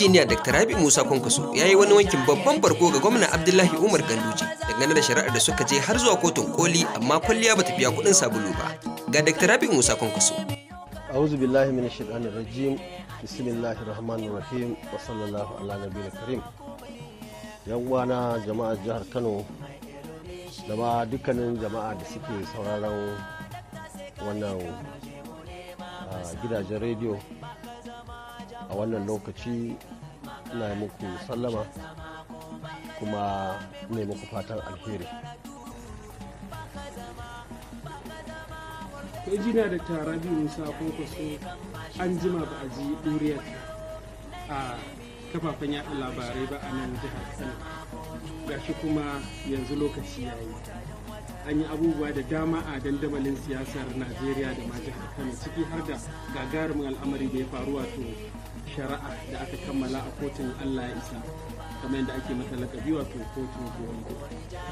injiniya dr rabi musa kwankwaso ya yi wani wankin babban barko ga gwamna abdullahi umar ganduje dangane da shari'ar da suka je har zuwa kotun koli amma kwalliya ba ta biya kuɗin sabulu ba ga dr rabi musa kwankwaso أعوذ بالله من الشيطان الرجيم بسم الله الرحمن الرحيم وصلى karim. Yan uwana jama'a jihar Kano da ma dukkanin jama'a da suke sauraron wannan ah, gidajen rediyo a wannan lokaci na muku sallama kuma ne muku fatan alheri na da tara biyu musa so an jima ba a ji ɗuriyar a kafafen yaɗa labarai ba a nan jihar kano shi kuma yanzu lokaci ya yi an yi abubuwa da dama a dandamalin siyasar najeriya da ma jihar kano ciki har da gagarumin al'amari da ya faru wato shari'a da aka kammala a kotun Allah ya isa kamar yadda ake mata lakabi wato kotun gwamnati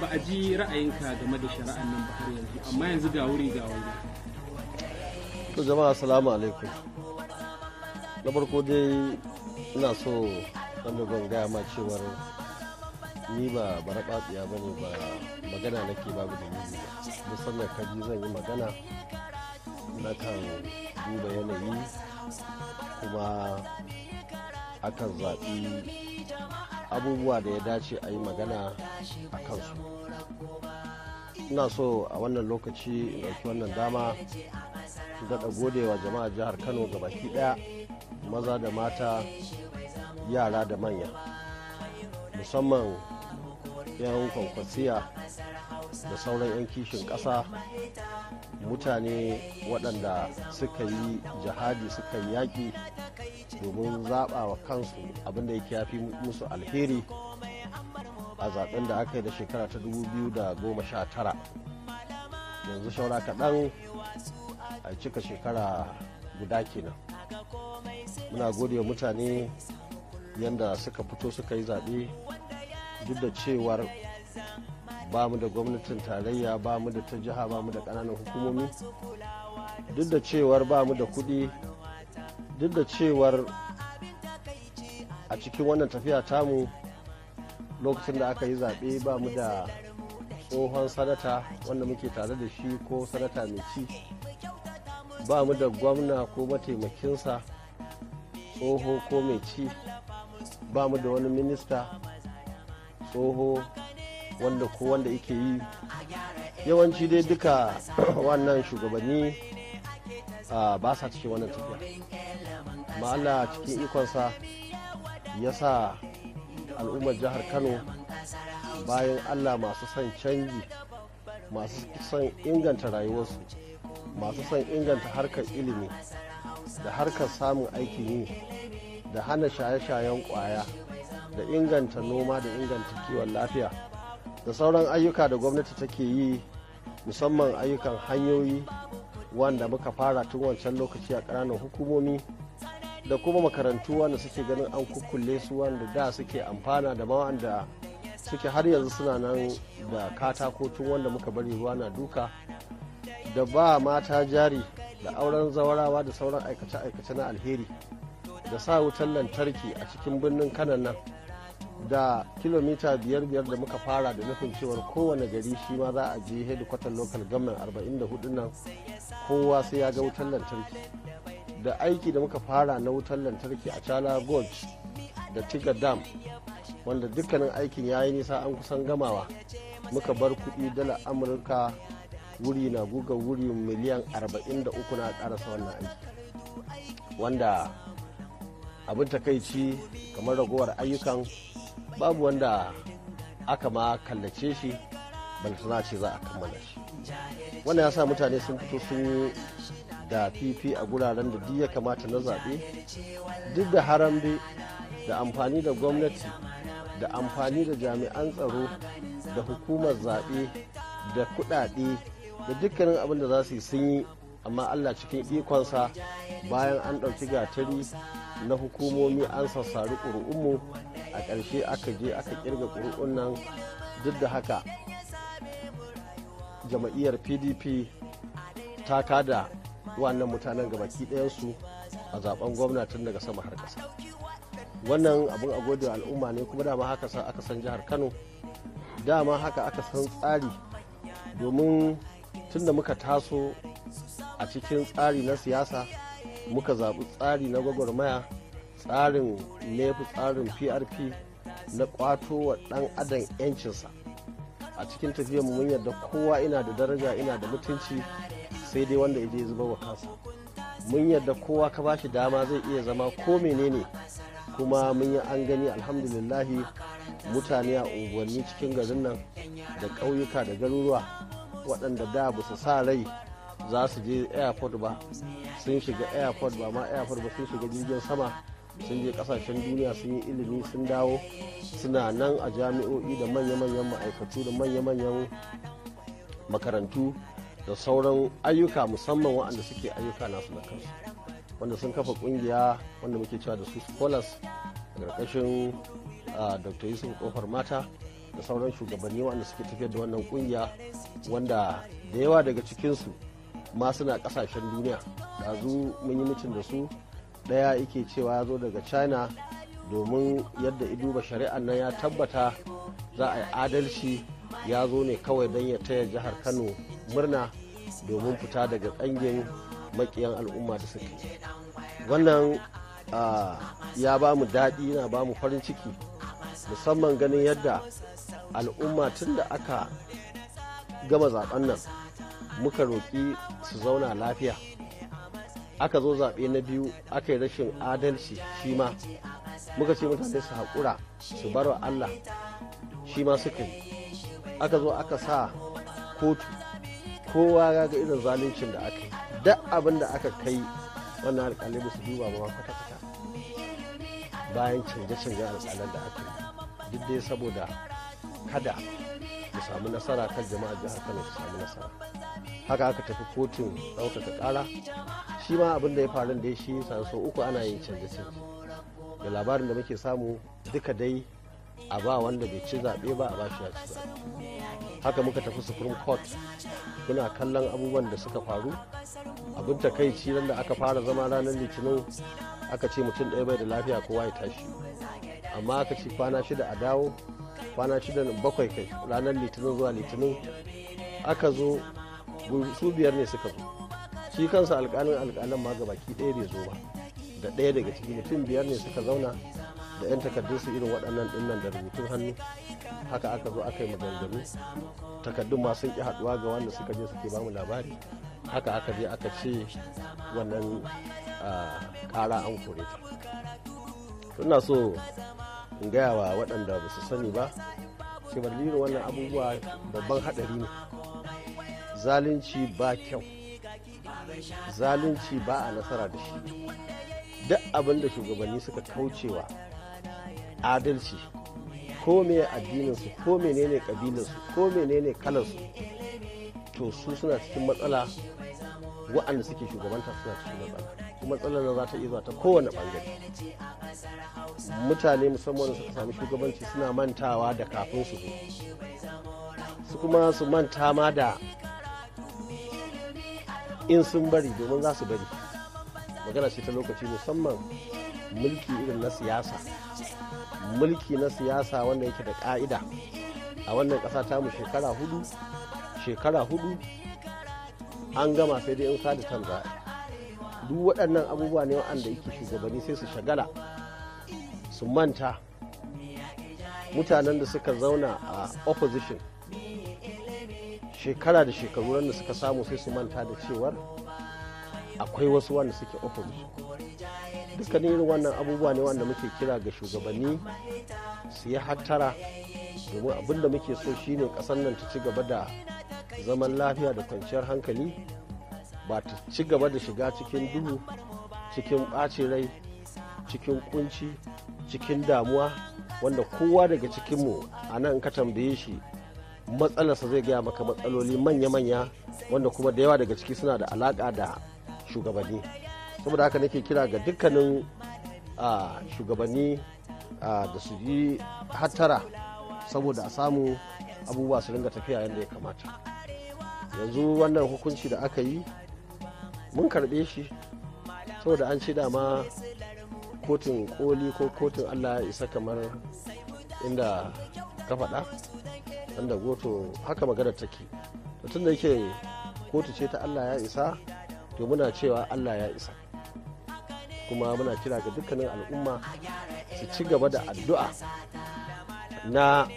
ba a ji ra'ayinka game da shari'a nan ba har yanzu amma yanzu ga wuri ga wuri to jama'a assalamu alaikum na farko dai ina so ban gaya ma cewar ni ba batsiya ba ne ba magana nake babu dalili ba musamman kaji zan yi magana na kan duba yanayi kuma akan zaɓi abubuwa da ya dace a yi magana a kansu ina so a wannan lokaci in ɗauki wannan dama daɗa gode wa jama'a jihar kano ga baki ɗaya maza da mata yara da manya musamman 'yan kwankwasiya da sauran 'yan kishin ƙasa mutane waɗanda suka yi jihadi suka yi yaƙi domin zaɓa wa kansu abinda yake ya fi musu alheri a zaɓen da aka yi da shekara ta 2019 yanzu shaura kaɗan a cika shekara guda kenan muna gode wa mutane yadda suka fito suka yi zaɓe duk da cewar ba mu da gwamnatin tarayya ba mu da ta jiha ba mu da ƙananan hukumomi duk da cewar ba mu da kuɗi duk da cewar a cikin wannan tafiya tamu lokacin da aka yi zaɓe ba mu da tsohon sanata wanda muke tare da shi ko sanata mai ci ba mu da gwamna ko mataimakinsa tsoho ko mai ci ba mu da wani minista tsoho wanda ko wanda yake yi yawanci dai duka wannan shugabanni ba sa cikin wannan tafiya ma'ana cikin ikonsa ya sa al'ummar jihar kano bayan allah masu son canji masu son inganta rayuwarsu masu son inganta harkar ilimi da harkar samun aikin yi da hana shaye-shayen kwaya da inganta noma da inganta kiwon lafiya da sauran ayyuka da gwamnati take yi musamman ayyukan hanyoyi wanda muka fara tun wancan lokaci a ƙananan hukumomi da kuma makarantu wanda suke ganin an kukkulle su wanda da suke amfana da mawanda suke har yanzu suna nan da katako tun wanda muka bari ruwa na duka da ba mata jari da auren zawarawa da sauran aikace-aikace na alheri da sa wutan lantarki a cikin birnin kanan nan da kilomita biyar biyar da muka fara da nufin cewar kowane gari shi ma za a je hedikwatar local government 44 nan kowa sai ya ga wutar lantarki da aiki da muka fara na wutar lantarki a chala gorge da tiga dam wanda dukkanin aikin ya yi nisa an kusan gamawa muka bar kuɗi dala amurka wuri na guga wuri miliyan 43 na karasa wannan aiki wanda abin takaici kamar ragowar ayyukan babu wanda aka ma kallace shi ban suna ce za a kammala shi wannan ya sa mutane sun fito sun yi da fifi a guraren da duk ya kamata na zaɓe duk da harambe da amfani da gwamnati da amfani da jami'an tsaro da hukumar zaɓe da kuɗaɗe da dukkanin abin da za su yi sun yi amma allah cikin ikonsa bayan an ɗauki gatari na hukumomi an sassari ƙuri'unmu a ƙarshe aka je aka ƙirga ƙuri'un nan duk da haka jama'iyyar pdp ta kada wannan mutanen gabaki ɗayansu a zaben gwamnatin daga sama har ƙasa wannan abin a gode al'umma ne kuma dama haka sa aka san jihar kano dama haka aka san tsari domin tun da muka taso a cikin tsari na siyasa muka zaɓi tsari na gwagwarmaya tsarin nefi tsarin prp na kwato wa ɗan adam 'yancinsa a cikin tafiyar mun yarda kowa ina da daraja ina da mutunci sai dai wanda ya je zuba wa kansa mun yarda kowa ka bashi dama zai iya zama ko menene kuma mun yi an gani alhamdulillahi mutane a unguwanni cikin garin nan da ƙauyuka da garuruwa waɗanda da ba su sa rai za su je airport ba sun shiga airport ba ma airport ba sun shiga jirgin sama sun je kasashen duniya sun yi ilimi sun dawo suna nan a jami'o'i da manya-manyan ma'aikatu da manya-manyan makarantu da sauran ayyuka musamman waɗanda suke ayyuka nasu da kansu wanda sun kafa kungiya wanda muke cewa da su scholars a ƙarƙashin dr yusuf kofar mata da sauran shugabanni waɗanda suke tafiyar da wannan kungiya wanda da yawa daga cikinsu ma suna kasashen duniya yanzu mun yi mucin da su ɗaya yake cewa ya zo daga china domin yadda iduba shari'ar nan ya tabbata za a yi adalci ya zo ne kawai don ya taya jihar kano murna domin fita daga tsangin makiyan al'umma da suke wannan ya ba mu daɗi na ba mu farin ciki musamman ganin yadda al'umma tun da aka gama zaben nan muka roƙi su zauna lafiya aka zo zaɓe na biyu aka yi rashin adalci shi ma muka ce mutane su haƙura su bar allah shi ma suka yi aka zo aka sa kotu kowa ya ga irin zaluncin da aka yi duk abin da aka kai wannan alƙalai musu duba ma kwata-kwata bayan canje-canje alƙalan da aka yi duk dai saboda kada mu samu nasara kan jama'a jihar kano su samu nasara haka aka tafi kotun ɗaukaka ƙara shi ma abin da ya faru da shi sau uku ana yin canje canje da labarin da muke samu duka dai a ba wanda bai ci zaɓe ba a ba shi ya ci haka muka tafi supreme court kuna kallon abubuwan da suka faru abin kai nan da aka fara zama ranar litinin aka ce mutum ɗaya bai da lafiya kowa ya tashi amma aka ce kwana shida a dawo kwana shida bakwai kai ranar litinin zuwa litinin aka zo su biyar ne suka zo shi kansa alƙalin alƙalin ma gabaki ɗaya bai zo ba da ɗaya daga ciki mutum biyar ne suka zauna da 'yan su irin waɗannan ɗinnan da rubutun hannu haka aka zo aka yi maganganu takardun ma sun ƙi haɗuwa ga wanda suka je suke bamu labari haka aka je aka ce wannan ƙara an kore ta suna so in gaya wa waɗanda ba su sani ba cewar wannan abubuwa babban haɗari ne zalunci ba kyau zalunci ba a nasara da shi duk abin da shugabanni suka kaucewa adalci ko me addininsu ko menene kabilansu ko menene kalansu to su suna cikin matsala wa'anda suke shugabanta suna cikin matsala matsalar da za ta iya ta kowane bangare mutane musamman suka sami shugabanci suna mantawa da kafin su zo su kuma su manta ma da in sun bari domin za su bari magana ce ta lokaci musamman mulki irin na siyasa mulki na siyasa wanda yake da ka'ida a wannan ƙasa mu shekara hudu shekara hudu an gama sai dai in sadi kan za duk waɗannan abubuwa ne waɗanda yake shugabanni sai su shagala su manta mutanen da suka zauna a opposition shekara da shekaru wanda suka samu sai su manta da cewar akwai wasu wanda suke opposition dukkanin irin wannan abubuwa ne wanda muke kira ga shugabanni su yi hattara domin abin da muke so shine kasar nan ta ci gaba da zaman lafiya da kwanciyar hankali ba ta ci gaba da shiga cikin duhu cikin ɓacin rai cikin kunci cikin damuwa wanda kowa daga cikinmu a nan ka tambaye shi matsalarsa zai gaya maka matsaloli manya-manya wanda kuma da yawa daga ciki suna da alaƙa da shugabanni saboda haka nake kira ga dukkanin shugabanni da su yi hattara saboda a samu abubuwa su ringa tafiya yadda ya kamata yanzu wannan hukunci da aka yi mun karbe shi saboda an ce dama kotun koli ko kotun allah ya isa kamar inda ka faɗa dan goto haka magana take to tun da yake kotu ce ta Allah ya isa to muna cewa Allah ya isa kuma muna kira ga dukkanin al'umma su ci gaba da addu'a na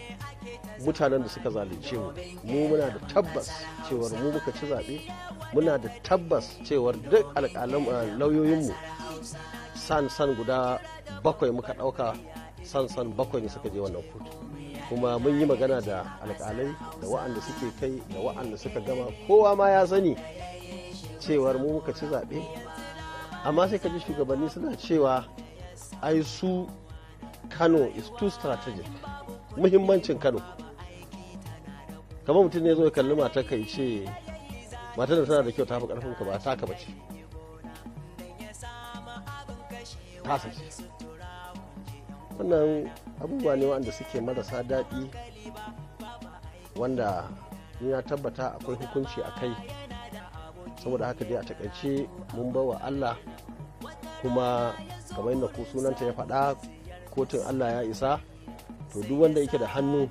mutanen da suka zalunce mu mu muna da tabbas cewar mu muka ci zaɓe muna da tabbas cewar duk alƙalan eh, lauyoyinmu san san guda bakwai muka ɗauka san san bakwai ne suka je wannan kotu kuma mun yi magana da alkalai da wa'anda suke kai da wa'anda suka gama kowa ma ya sani cewar mu muka ci zaɓe amma sai ka ji shugabanni suna cewa ai su kano is too strategic muhimmancin kano kamar mutum ne zo ya kalli mata ka ce matar da tana da kyau ta fi karfin ka ba ta ka bace ta sace wannan abubuwa ne wanda suke marasa daɗi wanda ya tabbata akwai hukunci a kai saboda haka dai a takaice mun bawa allah kuma kamar yadda ko sunanta ya faɗa kotun allah ya isa to duk wanda yake da hannu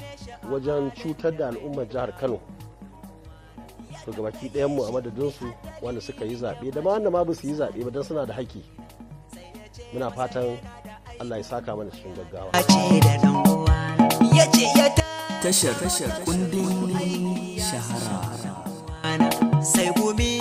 wajen cutar da al'ummar jihar kano to ga baki ɗayan mu a madadinsu wanda suka yi zaɓe da ma wanda ma ba su yi zaɓe ba don suna da haƙƙi muna fatan Allah ya saka mana cikin gaggawa tashar kundin shahara sai gumi.